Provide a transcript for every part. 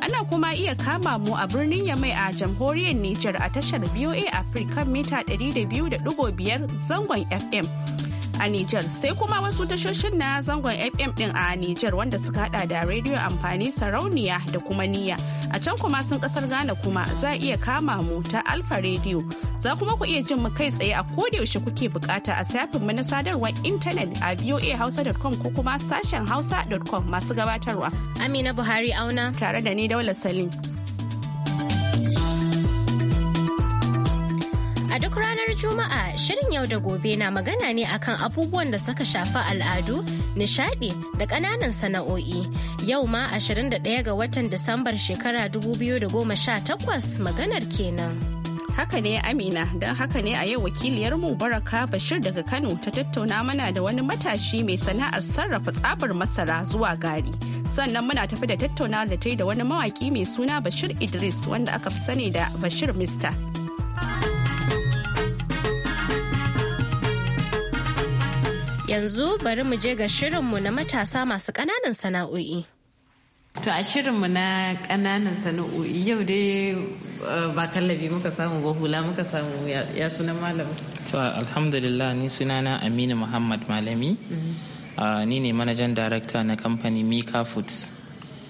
Ana kuma iya kama mu a birnin Yamai a jamhuriyar Nijar a tashar VOA Africa mita 200.5 zangon FM. a Nijar sai kuma wasu tashoshin na zangon FM din a Nijar wanda suka hada da rediyo amfani sarauniya da kuma niya A can kuma sun kasar Ghana kuma za iya kama mu ta Alfa Radio. Za kuma ku iya jin mu kai tsaye a kodayaushe kuke bukata a shafin mu na sadarwar intanet a voahausa.com ko kuma sashen hausa.com masu gabatarwa. Amina Buhari auna. Tare da ni Daula Salim. Duk ranar Juma'a shirin yau da gobe na magana ne akan abubuwan da suka shafi al'adu, nishadi da ƙananan sana'o'i. Yau ma 21 ga watan Disambar shekara 2018 maganar kenan. Haka ne Amina, don haka ne a yau wakiliyarmu Baraka Bashir daga Kano ta tattauna mana da wani matashi mai sana'ar sarrafa tsabar masara zuwa gari. sannan muna tafi da tattauna da ta yi da wani mawaki mai suna Bashir Idris wanda aka fi sani da Bashir Mista. Yanzu bari mu je ga shirinmu na matasa masu ƙananan sana'o'i. To a shirinmu na ƙananan sana'o'i yau dai eh, ba kallabi muka samu ba hula muka samu ya sunan malam. To alhamdulillah ni sunana Aminu Muhammad Malami. Mm-hmm. Ah, ni ne manajan darakta na kamfani Mika Foods.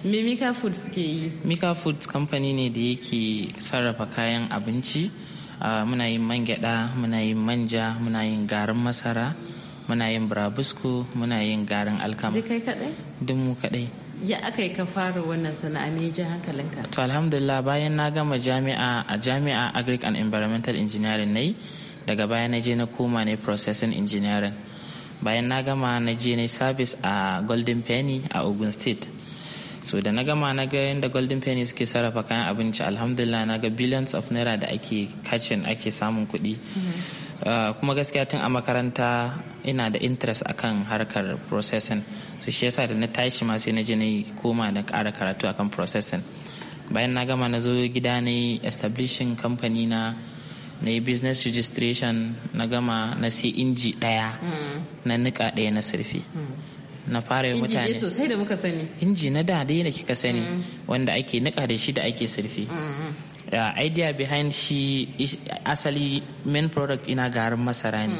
Me Mika Foods ke yi? Mika Foods kamfani ne da yake sarrafa kayan abinci. Ah, muna yin man gyada muna yin manja muna yin garin masara muna yin burabusku muna yin garin alkama duk kai kadai duk mu kadai ya aka yi ka fara wannan sana'a me ji hankalinka to alhamdulillah bayan na gama jami'a a jami'a agric and environmental engineering nayi daga bayan na je na koma ne processing engineering bayan na gama na je na service a golden penny a ogun state so da na gama na ga yadda golden penny suke sarrafa kayan abinci alhamdulillah na ga billions of naira da ake kacin ake samun kuɗi ah, kuma gaskiya tun a makaranta ina da interest akan harkar processing so shi yasa da na tashi ma sai na je na koma da ƙara karatu akan processing bayan na gama na zo gida na yi establishing company na na yi business registration na gama na sai inji daya mm. na nika daya na surfi mm. na fara mutane inji sosai da muka sani inji na da dai da kika sani mm. wanda ake nika da shi da ake sirfi mm, mm. idea behind shi asali main product ina garin masara ne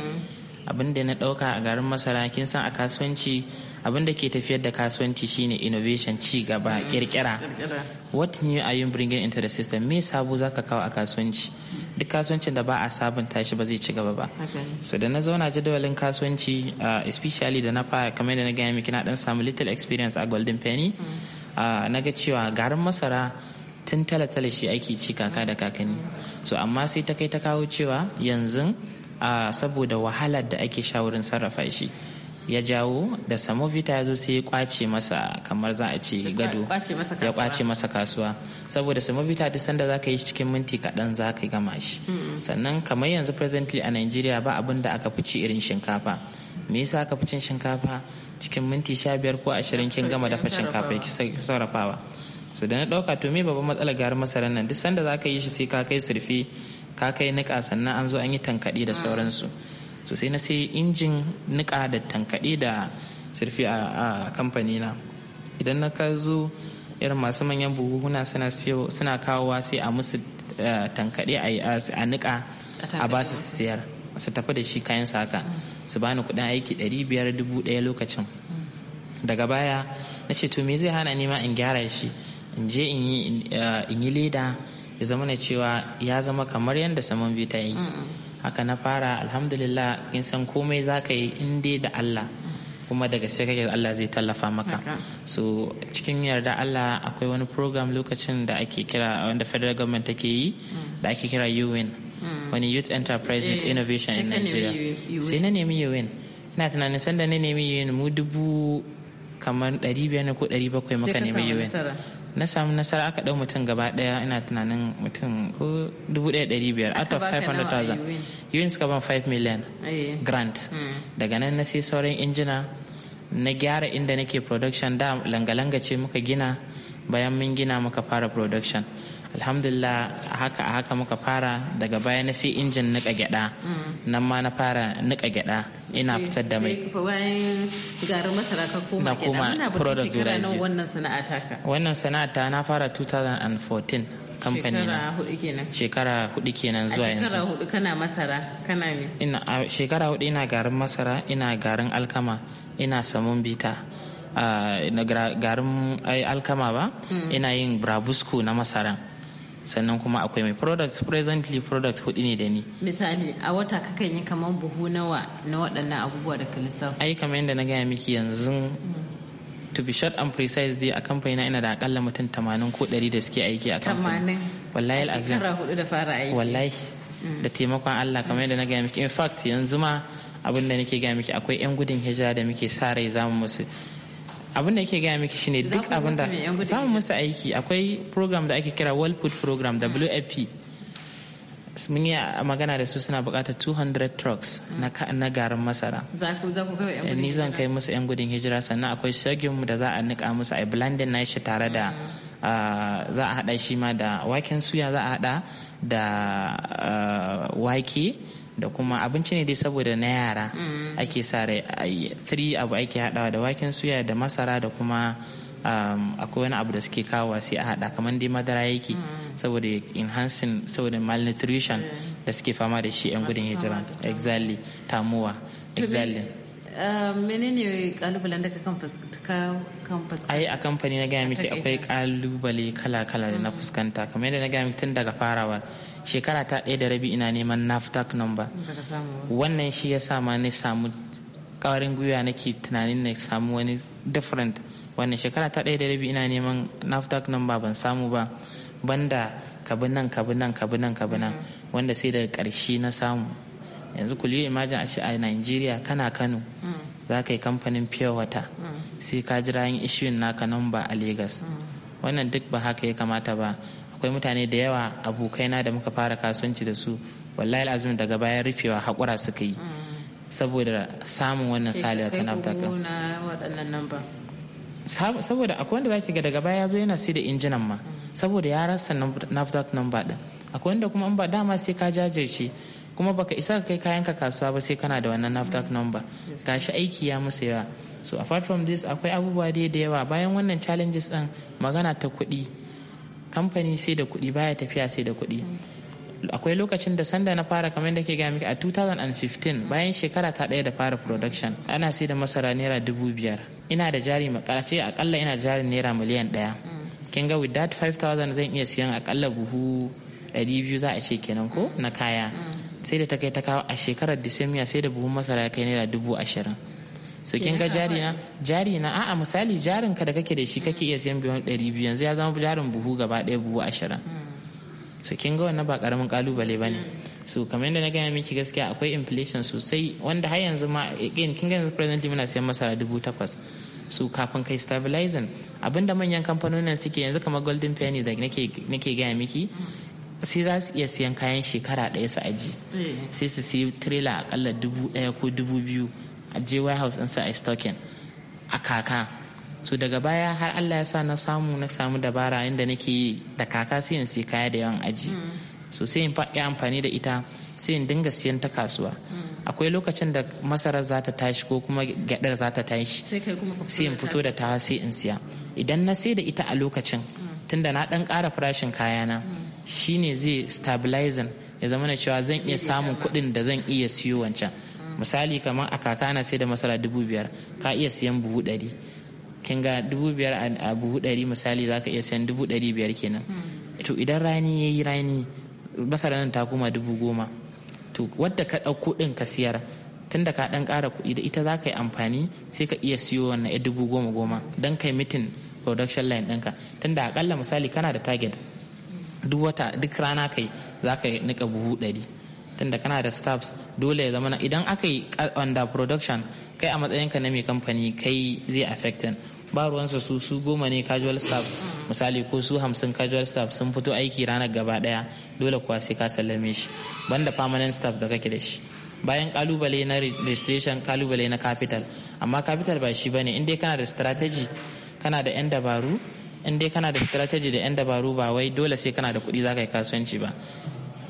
abin da na dauka a garin masara kin san a kasuwanci abin da ke tafiyar da kasuwanci shine innovation ci gaba kirkira mm-hmm. what new are you bringing into the system me sabo zaka kawo a kasuwanci duk kasuwancin da ba a sabunta shi ba zai ci gaba ba so da na zauna jadawalin kasuwanci uh, especially da na fara kamar da na gaya miki na dan samu little experience a golden penny mm. uh, na ga cewa garin masara tun tala-tala shi aiki ci kaka da kakanni mm. so amma sai ta kai ta kawo cewa yanzu uh, saboda wahalar da ake shawarin sarrafa shi ya jawo da samovita ya zo sai ya kwace masa kamar za a ce gado ya kwace masa kasuwa saboda samovita duk sanda za ka yi cikin minti kaɗan za ka gama shi sannan kamar yanzu presently a nigeria ba abin da aka fi ci irin shinkafa me yasa aka fi cin shinkafa cikin minti sha biyar ko ashirin kin gama dafa shinkafa ki sarrafawa so da na ɗauka to me babban matsalar garin masarar nan duk sanda za ka yi shi sai ka kai surfi ka kai niƙa sannan an zo an yi tankaɗi da mm. sauransu. Mm. so sai na sai injin nika da tankaɗe da sirfi a kamfani na idan na ka zo irin masu manyan buhuhuna suna kawowa sai a musu eh, tankaɗe a nika a ba su siyar su tafi da shi kayan saka su bani kudin aiki ɗari biyar dubu ɗaya lokacin daga baya na ce to me zai hana nema in gyara shi in je in yi eh, leda ya zama na cewa ya zama kamar yadda saman vita yake haka na fara alhamdulillah in san komai za ka yi in dai da Allah kuma daga sai kake Allah zai tallafa maka so cikin yarda Allah akwai wani program lokacin da ake kira wanda federal government take yi mm. da ake kira UN mm. wani youth enterprise with eh, innovation in Nigeria sai na nemi UN ina tunanin sanda na nemi UN mu dubu kamar 500 ko 700 muka nemi UN na samu nasara aka ɗau mutum gaba ɗaya ina tunanin mutum ko dubu ɗaya ɗari biyar out of 500,000 yuwin suka ban 5 million grant hmm. daga nan na sai sauran injina na gyara inda nake production da langa-langa ce muka gina bayan mun gina muka fara production alhamdulillah haka a haka muka fara daga baya na sai injin nika gyada mm. nan ma na fara nika gyada ina fitar da mai na garin masara ka koma gyada product shekara nan wannan sana'a wannan sana'a ta na fara 2014 kamfani na shekara hudu kenan zuwa yanzu shekara hudu kana masara kana me ina shekara hudu ina garin masara ina garin alkama ina samun bita garin alkama ba mm. ina yin brabusco na masaran sannan kuma akwai mai product presently product hudu ne da ni misali a wata kakan yi kamar buhu nawa na waɗannan abubuwa da ka lissafa ai kamar yadda na gaya miki yanzu mm. to be short and precise dai a kamfani na ina da akalla mutum 80 ko 100 da suke aiki a kamfani 80 wallahi al'azim shekara hudu da fara aiki wallahi mm. da taimakon Allah kamar yadda na gaya miki in fact yanzu ma abin da nake gaya miki akwai yan gudun hijira da muke sa rai zamu musu abin da yake gaya miki shine duk abin da za mu musu aiki akwai program da ake kira world food program hmm. wfp mun yi magana da su suna bukatar 200 trucks hmm. na garin masara ni zan kai musu 'yan gudun hijira sannan akwai shagin da za a nika musu a blending na shi tare da hmm. ah, za a hada shi ma da waken suya za a hada da ah, wake da kuma abinci ne dai saboda na yara mm. ake sa rai 3 abu ake hadawa da waken suya da masara da kuma um, akwai wani abu da suke kawo sai a hada kamar dai madara yake mm. saboda enhancing saboda malnutrition mm. da suke fama da shi yan gudun hijira exactly tamuwa exactly uh, menene kalubalen da ka fuskanta ai a kamfani na gaya miki akwai kalubale kala-kala da na fuskanta kamar yadda na gaya miki tun daga farawa shekara ta ɗaya da rabi ina neman naftak number wannan shi ya sa ma na samu ƙawarin gwiwa nake tunanin na samu wani different wannan shekara ta ɗaya da rabi ina neman naftak number ban samu ba banda kabi nan kabi nan kabi nan kabi nan mm-hmm. wanda sai daga ƙarshe na samu yanzu kuliyo imajin a nigeria kana kano mm. za ka yi kamfanin pure water mm. sai ka jira yin ishiyun naka number a lagos mm. wannan duk ba haka ya kamata ba akwai mutane da yawa abokaina da muka fara kasuwanci da su wallahi al'azumi daga bayan rufewa haƙura suka yi mm. saboda samun wannan salewa ta nafta saboda akwai wanda zaki ga daga baya zo yana sai da injinan ma mm. saboda ya rasa nafdak number din akwai wanda kuma an ba dama sai ka jajirce kuma baka isa ka kai kayanka kasuwa ba sai kana da wannan nafdak mm. number gashi aiki ya musu yawa so apart from this akwai abubuwa dai da yawa bayan wannan challenges din magana ta kuɗi kamfani sai da kuɗi baya tafiya sai da kuɗi akwai lokacin da sanda na fara kamar da ke gaya miki a 2015 bayan shekara ta ɗaya da fara production ana sai da masara naira dubu biyar ina da jari makarace akalla ina da jari naira miliyan ɗaya kin ga with that 5000 zan iya siyan akalla buhu biyu za a ce kenan ko na kaya sai da ta kai ta kawo a shekarar disemiya sai da buhun masara ya kai naira dubu ashirin so kin ga jari na jari na a'a misali jarin ka da kake da shi kake iya siyan biyan ɗari biyu yanzu ya zama jarin buhu gaba ɗaya buhu ashirin hmm. so kin ga wannan ba karamin kalubale ba ne so kamar yadda na gaya miki gaskiya akwai inflation sosai wanda har yanzu ma again kin ga yanzu presently muna siyan masara dubu takwas su kafin kai stabilizing abinda manyan kamfanonin suke yanzu kamar golden penny da nake gaya miki sai za su iya siyan kayan shekara ɗaya su aji eh. sai su siyi trailer akalla dubu ɗaya ko dubu biyu a je warehouse in sa a stocking a kaka so daga baya har Allah ya sa na samu na samu dabara inda nake da kaka sai in sai kaya da yawan aji mm. so sai in faɗi amfani da ita sai in dinga siyan ta kasuwa mm. akwai lokacin da masarar za ta tashi ko kuma gyaɗar za ta tashi sai in fito da ta sai in siya idan na sai da ita a lokacin mm. tunda na ɗan ƙara farashin kayana shine zai stabilizing ya zama na cewa zan iya samun kuɗin da zan iya siyo wancan misali kamar a kaka na sai da masara dubu biyar ka iya siyan buhu ɗari kin ga dubu biyar a buhu ɗari misali za ka iya siyan dubu ɗari biyar kenan hmm. to idan rani ya yi rani masara nan ta koma dubu goma to wadda ka ɗauko ɗin ka siyar tun da ka ɗan ƙara kuɗi da ita za ka yi amfani sai ka iya siyo wannan ya dubu goma goma don kai mitin production line ɗinka tun da aƙalla misali kana da target duk wata duk rana kai za ka niƙa buhu ɗari tunda kana da staffs dole ya zama idan aka yi under production kai a matsayinka na mai kamfani kai zai affecting ba ruwansa su su goma ne casual staff misali ko su hamsin casual staff sun fito aiki ranar gaba daya dole kuwa sai ka sallame shi banda permanent staff da kake da shi bayan kalubale na registration kalubale na capital amma capital ba shi ba ne inda kana da strategy kana da yan dabaru in kana da strategy da yan dabaru ba wai dole sai kana da kuɗi za ka yi kasuwanci ba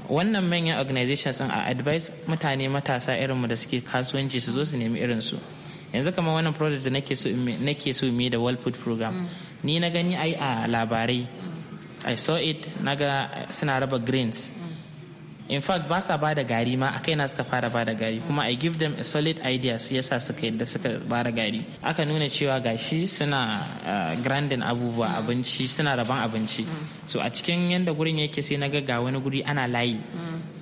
wannan manyan organizations a advice mutane matasa irin mu da suke kasuwanci su zo su nemi irin su yanzu kamar wannan project da nake so mi da world food program mm. ni na gani ai a labarai i saw it naga suna raba greens in fact ba sa ba gari ma a kaina suka fara bada gari kuma i give them a solid idea su yasa suka yadda suka ba gari aka nuna cewa gashi suna ah, grandin abubuwa abinci suna rabon abinci so a cikin yadda gurin yake sai na ga wani guri ana layi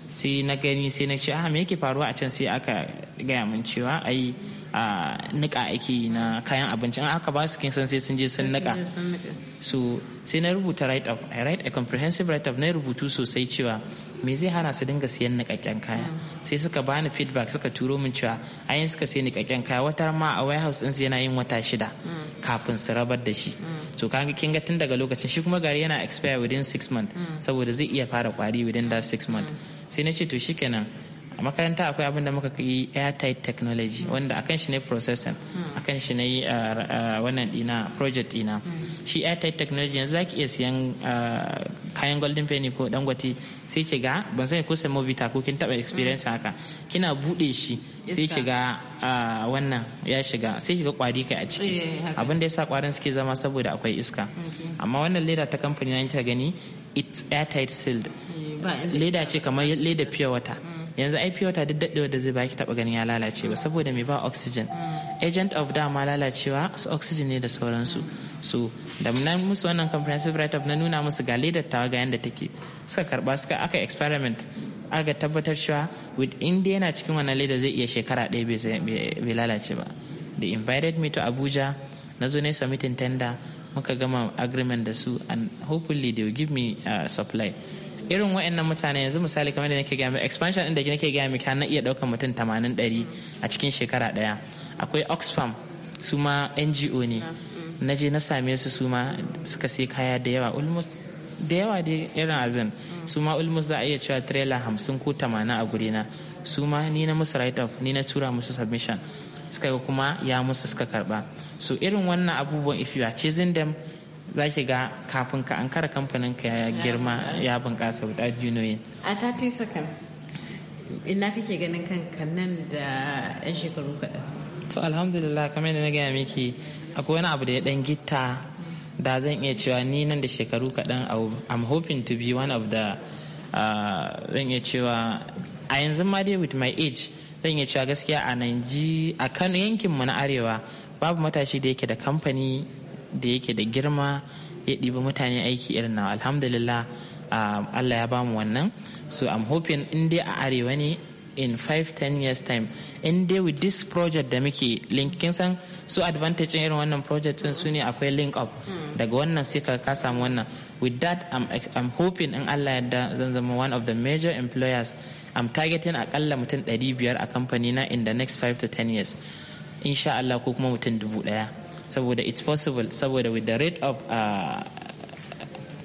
sai na gani sai na ce ah me yake faruwa a can sai aka gaya min cewa ai a nika ake na kayan abinci an aka ba su kin san sai sun je sun nika so sai na rubuta write up i write a comprehensive write up na rubutu sosai cewa me zai hana su dinga siyan nikakken kaya mm. sai suka bani feedback suka turo min cewa ayin suka sai nikakken kaya wata ma a warehouse din yana yin wata shida mm. kafin su rabar da shi to mm. kaga kin ga tun daga lokacin shi kuma gari yana expire within 6 months saboda zai iya fara kwari within that 6 months sai na ce to shikenan a makaranta akwai abin da muka yi airtight technology wanda akan shi ne processing akan shi ne wannan dina project dina shi airtight technology yanzu zaki iya siyan kayan golden penny ko dangote sai ki ga ban sani ko samovita ko kin taba experience haka kina bude shi sai ki ga wannan ya shiga sai ki kwari kai a ciki eh, abin da yasa kwarin suke zama saboda akwai iska amma wannan leda ta kamfani na kika gani it's airtight sealed leda ce kamar leda pure water mm. yanzu ai pure water duk daɗewa da zai baki taɓa ganin ya lalace ba saboda mai ba oxygen mm. agent of dama lalacewa su oxygen ne da sauransu so da na musu wannan comprehensive write-up na nuna musu ga leda tawa ga yadda take suka karba suka aka experiment aga tabbatar cewa with india yana cikin wannan leda zai iya shekara ɗaya bai lalace ba they invited me to abuja na zo na submitting tender muka gama agreement da su and hopefully they will give me uh, supply irin wa'annan mutane yanzu misali kamar da nake gaya mai expansion din da nake gaya mai na iya daukar mutum 80 dari a cikin shekara daya akwai oxfam su ma ngo ne na je na same su su ma suka sai kaya da yawa almost da yawa dai irin azin su ma almost za a iya cewa trailer hamsin ko tamanin a na. su ma ni na musu write off ni na tura musu submission suka kuma ya musu suka karba so irin wannan abubuwan if you are chasing them za ki ga kafin ka an kara kamfanin ka ya girma ya bunƙasa da you a 30 second ina kake ganin kanka nan da 'yan shekaru kaɗan to alhamdulillah kamar yadda na gaya miki akwai wani abu da ya ɗan gitta da zan iya cewa ni nan da shekaru kaɗan i'm hoping to be one of the uh, zan iya cewa a yanzu ma dai with my age zan iya cewa gaskiya a nanji a kano yankinmu na arewa babu matashi da yake da kamfani da yake da girma ya ɗibi mutane aiki irin na alhamdulillah ah, allah ya bamu wannan so i'm hoping in dai a arewa ne in 5-10 years time in dai with this project da muke linkin san su advantage irin wannan project din su ne akwai link up hmm. daga wannan sai ka ka samu wannan with that I'm, I'm hoping in Allah yadda zan zama one of the major employers I'm targeting akalla mutum 500 a kamfani na in the next 5 to 10 years insha Allah ko kuma mutum dubu daya saboda it's possible saboda with the rate of uh,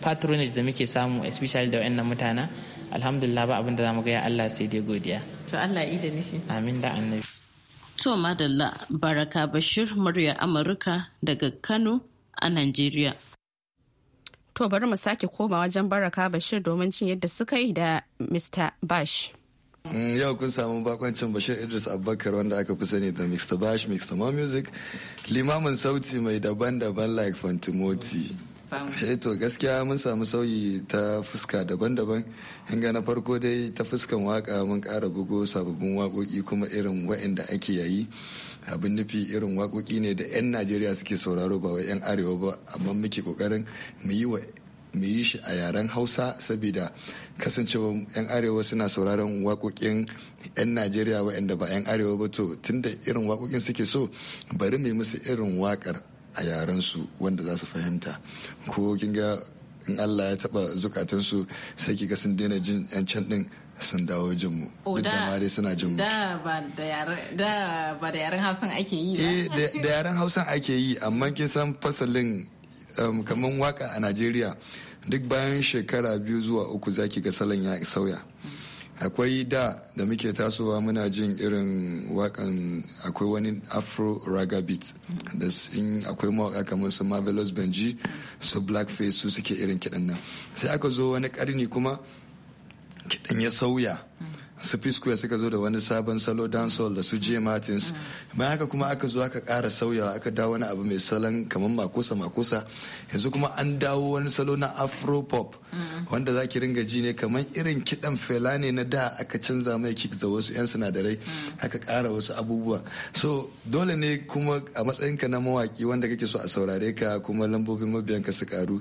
patronage da muke samu especially da wayannan mutana alhamdulillah ba abin da zamu ga ya Allah sai dai godiya to Allah ije nufi amin da annabi to madalla baraka bashir murya amurka daga Kano a Najeriya to bari mu sake koma wajen baraka bashir domin jin yadda suka yi da Mr Bash Mm, yau kun samu bakoncin Bashir Idris Abubakar wanda aka fi sani da Mr. Bash, Mr. Ma Music, limamin sauti mai daban-daban like Fantimoti. Eh to gaskiya mun samu sauyi ta fuska daban-daban. Hanga na farko dai ta fuskan waka mun kara bugo sababbin wakoki kuma irin wa'inda ake yayi. abin nufi irin wakoki ne da 'yan najeriya suke sauraro ba wa 'yan arewa ba amma muke kokarin mu yi wa mu yi shi a yaren hausa saboda kasancewa 'yan arewa suna sauraron wakokin 'yan najeriya waɗanda ba 'yan arewa ba to tunda irin waƙoƙin suke so bari mu yi musu irin wakar a yaren su wanda za su fahimta ko kin ga in allah ya taɓa zukatansu sai ki ga sun daina jin 'yan can din sun dawo jin mu oh, duk da ma suna jin mu da ba da yaren hausan ake yi ba eh, da yaren hausan ake yi amma kin san fasalin Um, kamar waka a najeriya duk bayan shekara biyu zuwa uku zaki ga salon ya sauya akwai da da muke tasowa muna jin irin wakan akwai wani afro raga beat da sun akwai mawaka kamar su marvelous benji su blackface su suke irin kiɗan nan sai aka zo wani karni kuma kiɗan ya sauya su fisku square suka zo da wani sabon salo dancehall da su J Martins bayan haka kuma aka zo aka kara sauyawa aka dawo wani abu mai salon kamar makusa makusa yanzu kuma an dawo wani salo na afro pop wanda za ki ringa ji ne kamar irin kiɗan fela ne na da aka canza mai kicks da wasu 'yan sinadarai aka kara wasu abubuwa so dole ne kuma a matsayinka na mawaki wanda kake so a saurare ka kuma lambobin mabiyanka su karu.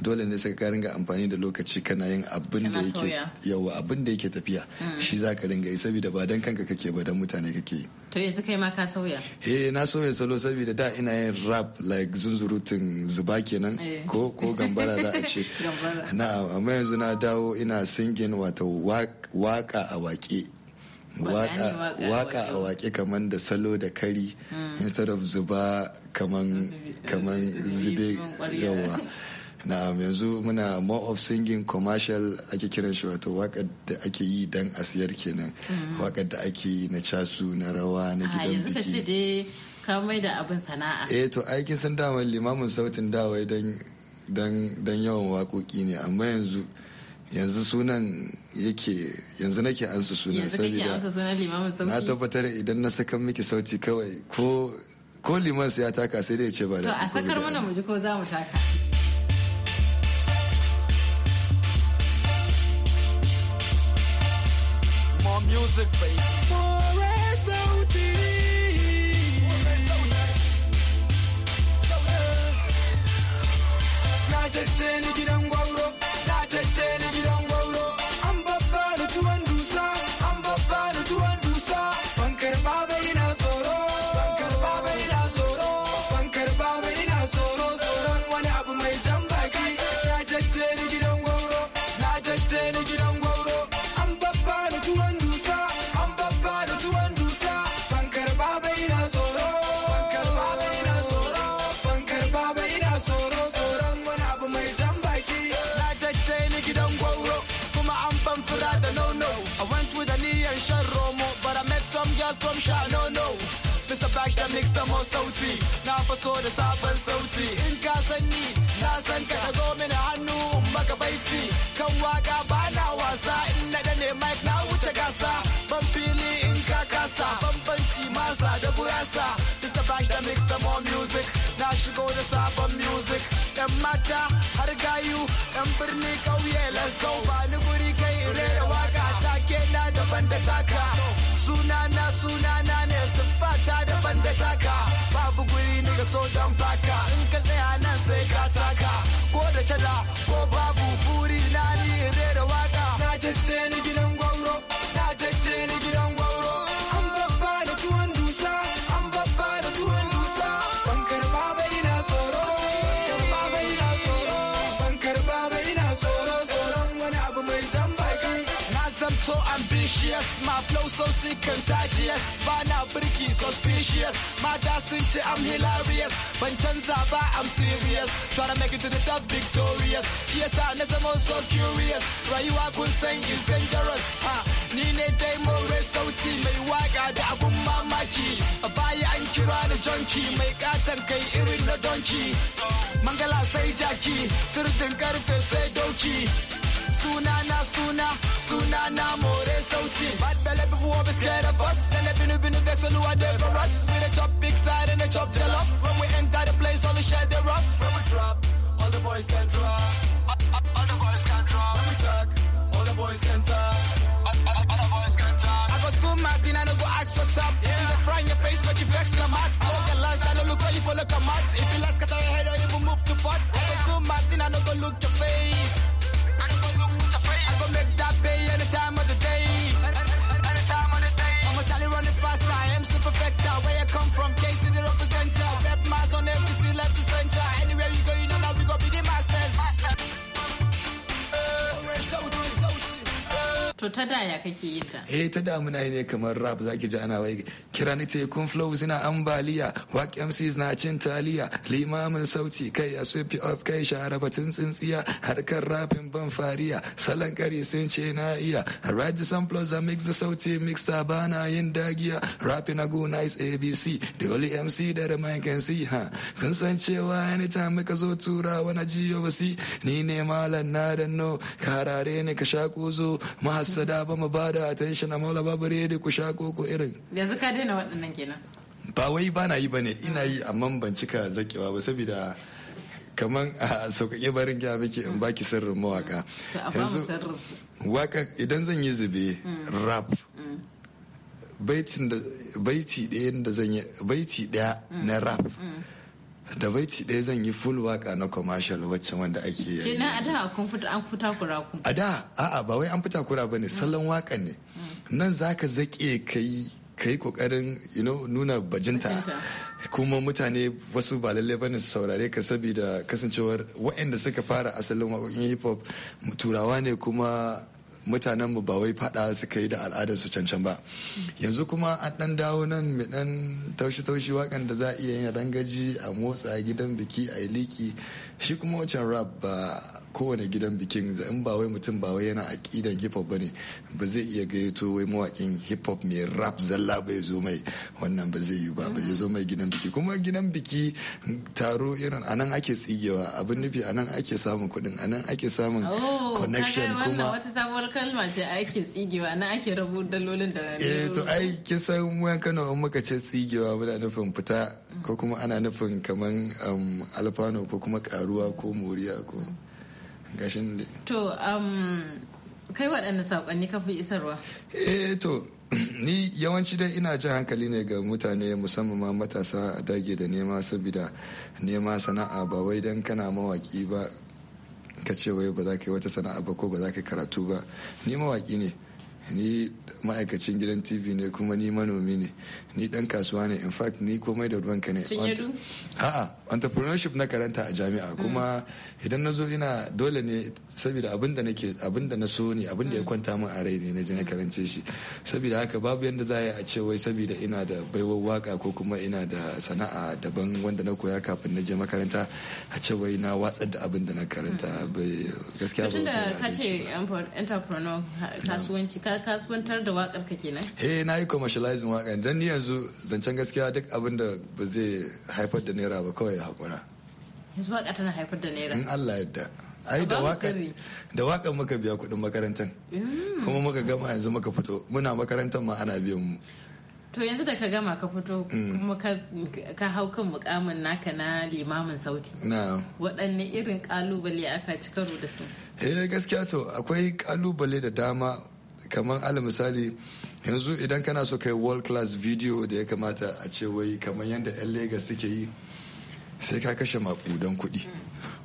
dole ne sai ka ringa amfani da lokaci kana yin abin da yake yawa abin da yake tafiya mm. shi za ka ringa yi saboda ba dan kanka kake ba dan mutane kake yi to yanzu kai ma ka sauya eh na sauya salo saboda da ina yin rap like zunzurutun zuba kenan eh. ko ko gambara za a ce na amma yanzu na dawo ina singing wato waka a waƙe waka a wake kaman da salo da kari mm. instead of zuba kaman zube yawa na yanzu muna more of singing commercial ake kiran shi wato wakar da ake yi dan asiyar kenan mm-hmm. wakar da ake yi na casu na rawa na ah, gidan biki ka mai da abin sana'a eh to aikin san daman limamin sautin dawai dan yawan wakoki ne amma yanzu yanzu sunan yake yanzu nake ansa sunan saboda na tabbatar idan na saka miki sauti kawai ko ko liman ya taka sai dai ya ce ba da to a sakar mana mu ji ko za mu taka more music, baby. More babban fili in ka kasa bambanci masa da gurasa Mr. Bank da mix da more music na shigo da sabon music yan mata har gayu yan birni kauye let's go ba ni guri kai rera waka take na daban da taka sunana sunana ne siffata daban da taka babu guri ni ga so don in ka tsaya nan sai ka taka ko da shada so sick contagious ba na birki suspicious mata sun ce am hilarious ban canza ba am serious try to make it to the top victorious na zama so curious rayuwa kun san is dangerous ha ni ne dai more sauti mai waka da abun mamaki a baya an kira ni janki mai katon kai irin na donki mangala sai jaki sirdin karfe sai doki suna na suna suna na more sauti bad belle who be scared of us and the binu binu vex on who are there for us we the chop big side and the chop tell up when we enter the place all the shit they rough when we drop all the boys can drop all the boys can drop when we talk all the boys can talk all, the boys can talk I got two Martin and I go ask what's up yeah. you fry in your face but you vex come out fuck your last I don't look how you follow come out if you last cut your head or you move to parts I got two Martin and I go look your face make that pay any time of the day. Any, time of the day. I'm a tally running fast, I am super perfect. Where you come from, case the Rock. To ta da ya kake yin ta? Eh ta da muna ne kamar rap za ji ana wai kira ni tekun flow suna ambaliya waƙi MCs na cin taliya limamin sauti kai a sweep off kai share batun tsintsiya harkar rapin ban fariya salon kari sun ce na iya ride the plus za mix the sauti mix ta bana yin dagiya rapin a nice ABC the only MC that a man can see ha kun san cewa anytime muka zo tura wani jiyo si ni ne malam na no karare ne ka sha kuzo mahas sa da ba mu ba da attention a maula babu rede ku sha koko irin yanzu ka daina waɗannan kenan ba wai ba na yi ba ne ina yi amma ban cika zakewa ba saboda kaman a sauƙaƙe barin gya muke in baki sirrin mawaka yanzu waka idan zan yi zube mm. rap mm. baiti ɗaya mm. na rap da baiti ɗaya zan yi full waka na commercial wacce wanda ake yi kenan a da kun fita an fita kura ku a da a'a ba wai an fita kura bane salon waka ne mm. nan zaka zake kai kai kokarin you know nuna bajinta kuma mutane wasu ba lallai bane su saurare ka saboda kasancewar waɗanda suka fara asalin waƙoƙin hip hop turawa ne kuma mutanenmu ba wai fada suka yi da al'adar su cancan ba yanzu kuma an dan dawo nan mai dan taushi taushi wakan da za a iya yin rangaji a motsa gidan biki a yi liki shi kuma wancan rap ba kowane gidan bikin in ba wai mutum ba wai yana aƙidan hip hop bane ba zai iya gayyato wai mawaƙin hip hop mai rap zalla bai zo mai wannan ba zai yi ba ba zai zo mai gidan biki kuma gidan biki taro irin anan ake tsigewa abin nufi anan ake samun kuɗin anan ake samun oh, connection kuma wata sabuwar kalma ce ake tsigewa anan ake rabu dalolin da eh to ai kin san mu Kano in muka ce tsigewa muna nufin fita ko kuma ana nufin kaman um, alfano ko kuma karuwa ko moriya ko gashin da to um, kai waɗanda saƙonni ka fi isarwa eh to ni yawanci dai ina jan hankali ne ga mutane musamman ma matasa a dage da nema saboda nema sana'a ba wai dan kana mawaki ba ka ce wai ba za ka yi wata sana'a ba ko ba za ka yi karatu ba ni mawaki ne ni ma'aikacin gidan tv ne kuma ni manomi ne ni dan kasuwa ne in fact ni komai da ruwanka ne a'a entrepreneurship na karanta a jami'a mm. kuma idan na zo ina dole ne saboda abin da nake abin da na so ne abin da ya mm. kwanta min a rai ne na je na mm. karance shi saboda haka babu yanda za a yi a ce wai saboda ina da baiwar waka ko kuma ina da sana'a daban wanda na koya kafin na je makaranta a ce wai na watsar da abin da na karanta bai gaskiya ba tunda ka ce entrepreneur kasuwanci ka kasuwantar da wakar ka kenan eh na yi commercializing wakar don ni yanzu zancen gaskiya duk abin da ba zai haifar da naira ba kawai ya hakura yanzu waka tana haifar da naira in Allah yadda ai da waka da waka muka biya kuɗin makarantar mm. kuma muka gama yanzu muka fito muna makarantar ma ana biyan mu to yanzu da ka gama ka fito mm. kuma ka hau kan mukamin naka na limamin sauti Na. waɗanne irin kalubale aka ci karo da su eh gaskiya to akwai kalubale da dama kamar ala misali yanzu idan kana so kai world class video da ya kamata a ce wai kamar yadda 'yan Legas suke yi sai ka kashe makudan kuɗi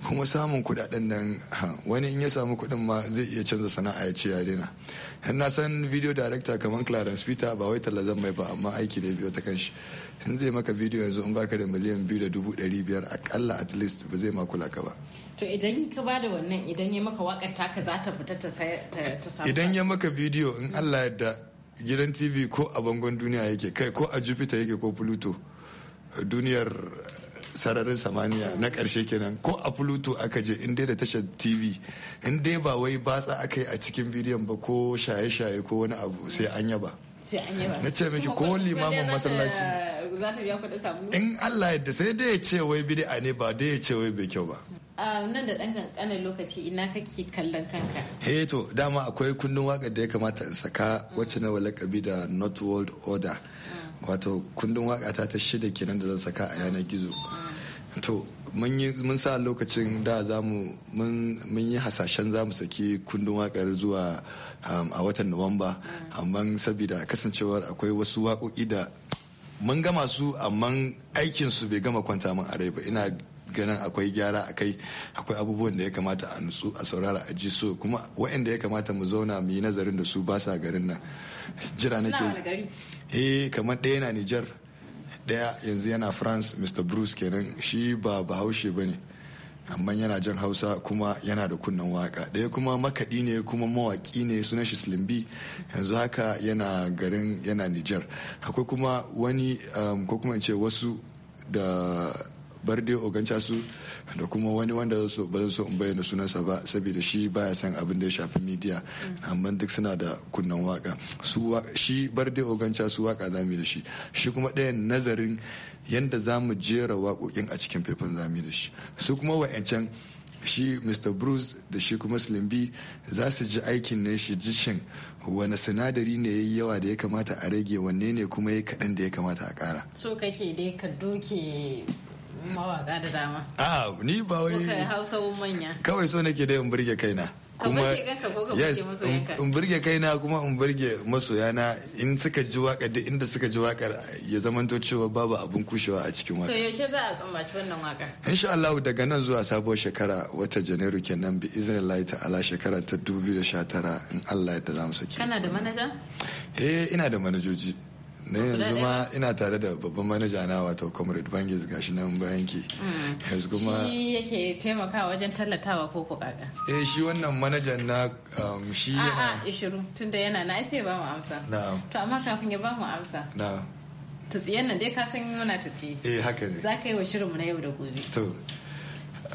kuma samun kudaden nan wani in ya samu kudin ma zai iya canza sana'a ya ce ya daina na san video director kamar clarence peter ba wai talazan mai ba amma aiki da biyo ta kanshi in zai maka bidiyo yanzu in baka da miliyan biyu da dubu ɗari biyar akalla at least ba zai makula ka ba to idan ka ba da wannan idan ya maka wakar taka za ta fita ta samu idan ya maka bidiyo in allah yadda gidan tv ko a bangon duniya yake kai ko a jupiter yake ko pluto duniyar sararin samaniya na ƙarshe kenan ko a pluto aka je in dai da tashar tv in dai ba wai batsa aka yi a cikin bidiyon ba ko shaye-shaye ko wani abu sai an yaba sai an na ce miki ko limamin masallaci za in Allah yadda sai dai ya ce wai a ne ba dai ya ce wai bai kyau ba ah, nan da ɗan kankanin lokaci ina kake kallon kanka eh to dama akwai kundin waƙar da ya kamata in saka wacce na walakabi da North world order ah. wato kundin waƙa ta ta shida kenan da zan saka a yanar gizo ah. to mun sa lokacin da zamu mun yi hasashen zamu saki kundin waƙar zuwa Um, a watan nuwamba amma saboda kasancewar akwai wasu waƙoƙi da mun gama su amma aikin su bai gama kwanta min a rai ba ina ganin akwai gyara a kai akwai abubuwan da ya kamata a nutsu a saurara a ji so kuma waɗanda ya kamata mu zauna mu yi nazarin da su ba sa garin nan jira nake eh kamar ɗaya na Nijar ɗaya yanzu yana France Mr Bruce kenan shi ba bahaushe ba ne. amma yana jan hausa kuma yana da kunnen waka ɗaya kuma makaɗi ne kuma mawaƙi ne sunan shi slimbi yanzu haka yana garin yana Nijar akwai kuma wani um, ko kuma ce wasu da barde oganca su da kuma wani wanda so ba zan so in bayyana sunansa ba saboda shi baya san abin da ya shafi media amma duk suna da kunnan waka su shi barde oganca su waka zamu da shi shi kuma ɗaya nazarin yadda za mu jera waƙoƙin a cikin faifan zami da shi su kuma wa'ancan shi mr bruce da shi kuma slimbi za su ji aikin ne shi jishin wane wani sinadari ne ya yi yawa da ya kamata a rage wanne ne kuma ya kaɗan da ya kamata a ƙara so kake dai ka doke mawaka da dama a ni ba wai hausa manya kawai so nake da yin burge kaina kuma yes in burge kaina kuma in burge masoyana in suka ji waka duk inda suka ji wakar ya zamanto cewa babu abun kushewa a cikin wata to yaushe za a tsammaci wannan waka insha Allah daga nan zuwa sabuwar shekara wata janairu kenan bi ta ta'ala shekara ta 2019 in Allah ya da za mu saki kana da manaja eh ina da manajoji na yanzu ma ina tare da babban manaja na wato comrade bangis gashi nan bayan ki mm. yanzu kuma shi yake taimaka wajen tallatawa ko ku kaka eh shi wannan manajan na um, shi yana a'a ishiru tunda yana na sai ba mu amsa to amma kafin ya ba mu amsa na'am tsiyan nan dai ka san muna tsiye eh haka ne za ka yi wa shirinmu na yau da gobe to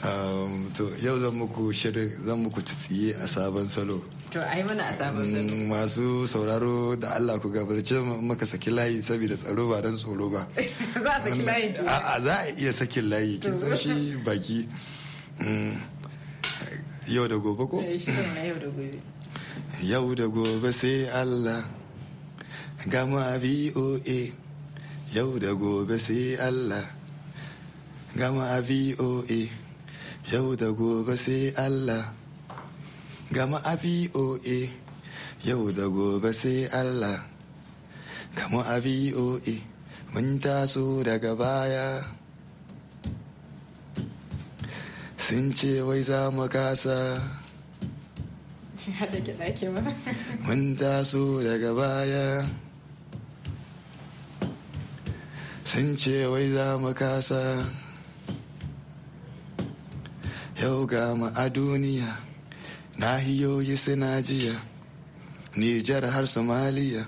um, to yau zan muku shirin zan muku tsiye a sabon salo To ai mana asabar sabon mm, Masu sauraro da Allah ku gabarci maka saki layi saboda tsaro ba don tsoro ba. Za a saki layi to. A'a za a iya sakin layi kin san shi baki. Mm. Yau da gobe ko? Eh, yau da gobe sai Allah. Gama VOA. Yau da gobe sai Allah. Gama VOA. Yau da gobe sai Allah. gama a voa yau da gobe sai allah gama a voa mun taso daga baya sun ce wai za mu kasa mun taso daga baya sun ce wai za mu kasa yau gama a duniya nahiyoyi suna jiya nijar har somaliya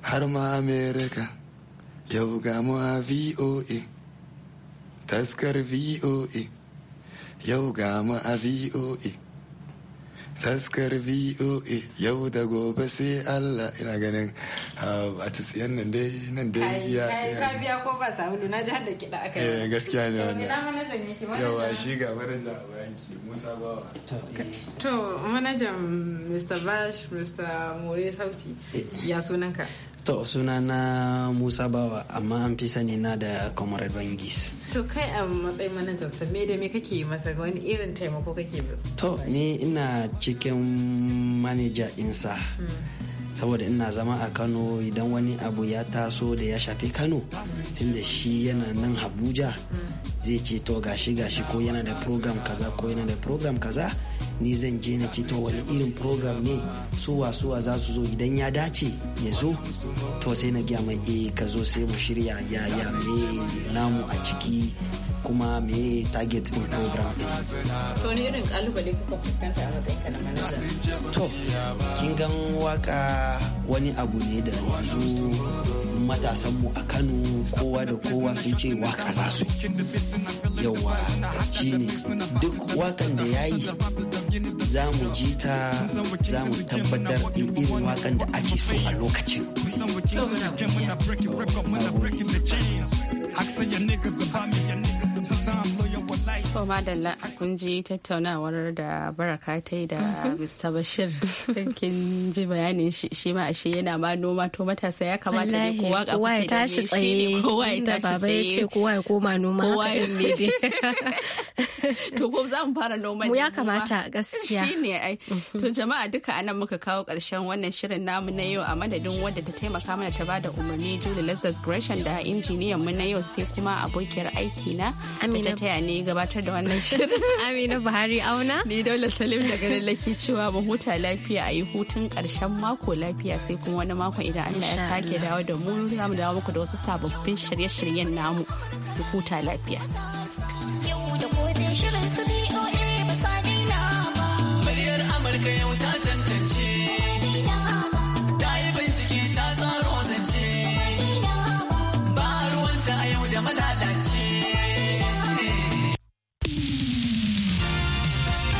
har ma amerika yau ga mu a voa taskar voa yau ga mu a voa taskar voa yau da gobe sai allah ina ganin a ah, tsiyan nan dai nan dai ya ya biya ko ba sabulu na ji har da kiɗa aka yi eh, gaskiya ne wannan yawa shi ga manajan a bayanki musa bawa to eh. manajan mr bash mr more sauti eh. ya sunanka To suna na Musa Bawa amma an fi sani na da Comrade Bangis. To kai a matsayin manajansa me da me kake masa wani irin taimako kake To ni ina cikin manaja insa. Hmm. saboda ina zama a kano idan wani abu ya taso da ya shafi kano tunda shi yana nan abuja hmm. zai ce to gashi gashi ko yana da program kaza ko yana da program kaza ni zan je na ce to wani irin program ne suwa suwa za su zo idan ya dace ya zo to sai na gya mai eh ka zo sai mu shirya ya ya me namu a ciki kuma me target din program din to ne irin kalubale kuka fuskanta a matsayinka kana manager to kin gan waka wani abu ne da yanzu mu a kano kowa da kowa sun ce waka za su yawa ne duk wakan da ya za mu ji ta za mu tabbatar irin wakan da ake so a lokacin the game when I break it, record when I break it, the chains. I say your niggas about me, your niggas. Since I'm To madalla kun ji tattaunawar da baraka ta yi da mhm. Mr. Bashir. Kin ji bayanin shi shi ma ashe yana ma noma to matasa ya kamata ne kowa ka kowa ya tashi tsaye kowa ya tashi baba ya ce kowa ya koma noma kowa ya ne dai. To ko za mu fara noma ne. ya kamata gaskiya. Shi ne ai. Mhm. To jama'a duka anan muka kawo karshen wannan shirin namu na yau a madadin wadda ta taimaka mana ta bada umarni Julie Lazarus Gresham da injiniyan mu na yau sai kuma abokiyar aiki na. Amina. Ta taya ne gabatar da wannan shirin. Amina Buhari auna. Ni Daula Salim daga lallaki cewa mu huta lafiya a yi hutun karshen mako lafiya sai kuma wani mako idan Allah ya sake dawo da mu za mu dawo muku da wasu sababbin shirye-shiryen namu. Ku huta lafiya. Yau da shirin su ba sa Amurka yau